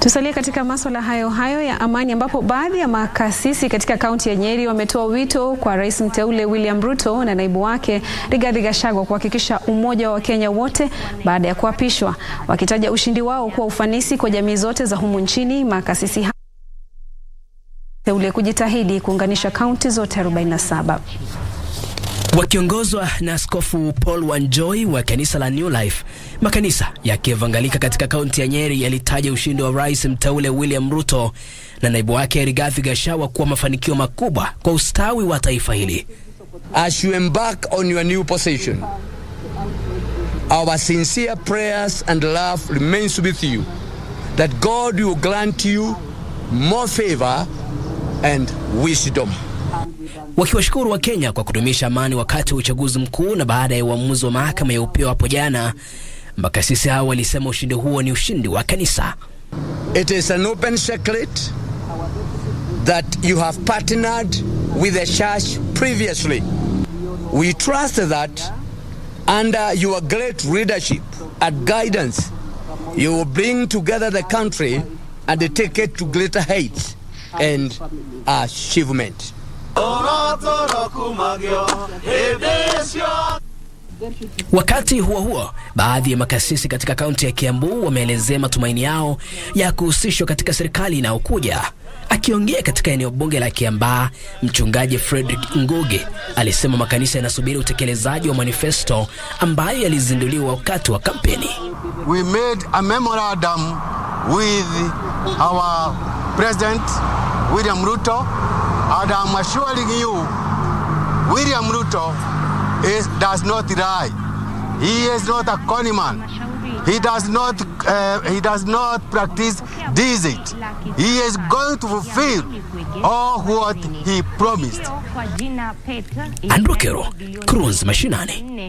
Tusalie katika maswala hayo hayo ya amani ambapo baadhi ya makasisi katika kaunti ya Nyeri wametoa wito kwa Rais mteule William Ruto na naibu wake Rigathi Gachagua kuhakikisha umoja wa Wakenya wote baada ya kuapishwa, wakitaja ushindi wao kuwa ufanisi kwa jamii zote za humu nchini. Makasisi teule kujitahidi kuunganisha kaunti zote 47. Wakiongozwa na Askofu Paul Wanjoy wa kanisa la New Life, makanisa ya kievangelika katika kaunti ya Nyeri yalitaja ushindi wa Rais mteule William Ruto na naibu wake Rigathi Gachagua kuwa mafanikio makubwa kwa ustawi wa taifa hili. As you embark on your new position, our sincere prayers and love remains with you that God will grant you more favor and wisdom wakiwashukuru wa Kenya kwa kudumisha amani wakati wa uchaguzi mkuu na baada ya uamuzi wa mahakama ya upeo hapo jana. Makasisi hao walisema ushindi huo ni ushindi wa kanisa. It is an open secret that you have partnered with the church previously. We trust that under your great leadership and guidance you will bring together the country and take it to greater heights and achievement. Wakati huo huo, baadhi ya makasisi katika kaunti ya Kiambu wameelezea matumaini yao ya kuhusishwa katika serikali inayokuja. Akiongea katika eneo bunge la Kiambaa, mchungaji Frederick Ngugi alisema makanisa yanasubiri utekelezaji wa manifesto ambayo yalizinduliwa wakati wa kampeni. We made a memorandum with our president William Ruto And I'm assuring you, William Ruto is, does not lie. He is not a man. He does not, uh, he does not practice deceit. He is going to fulfill all what he promised. Andrew Kero, Cruz Machinani.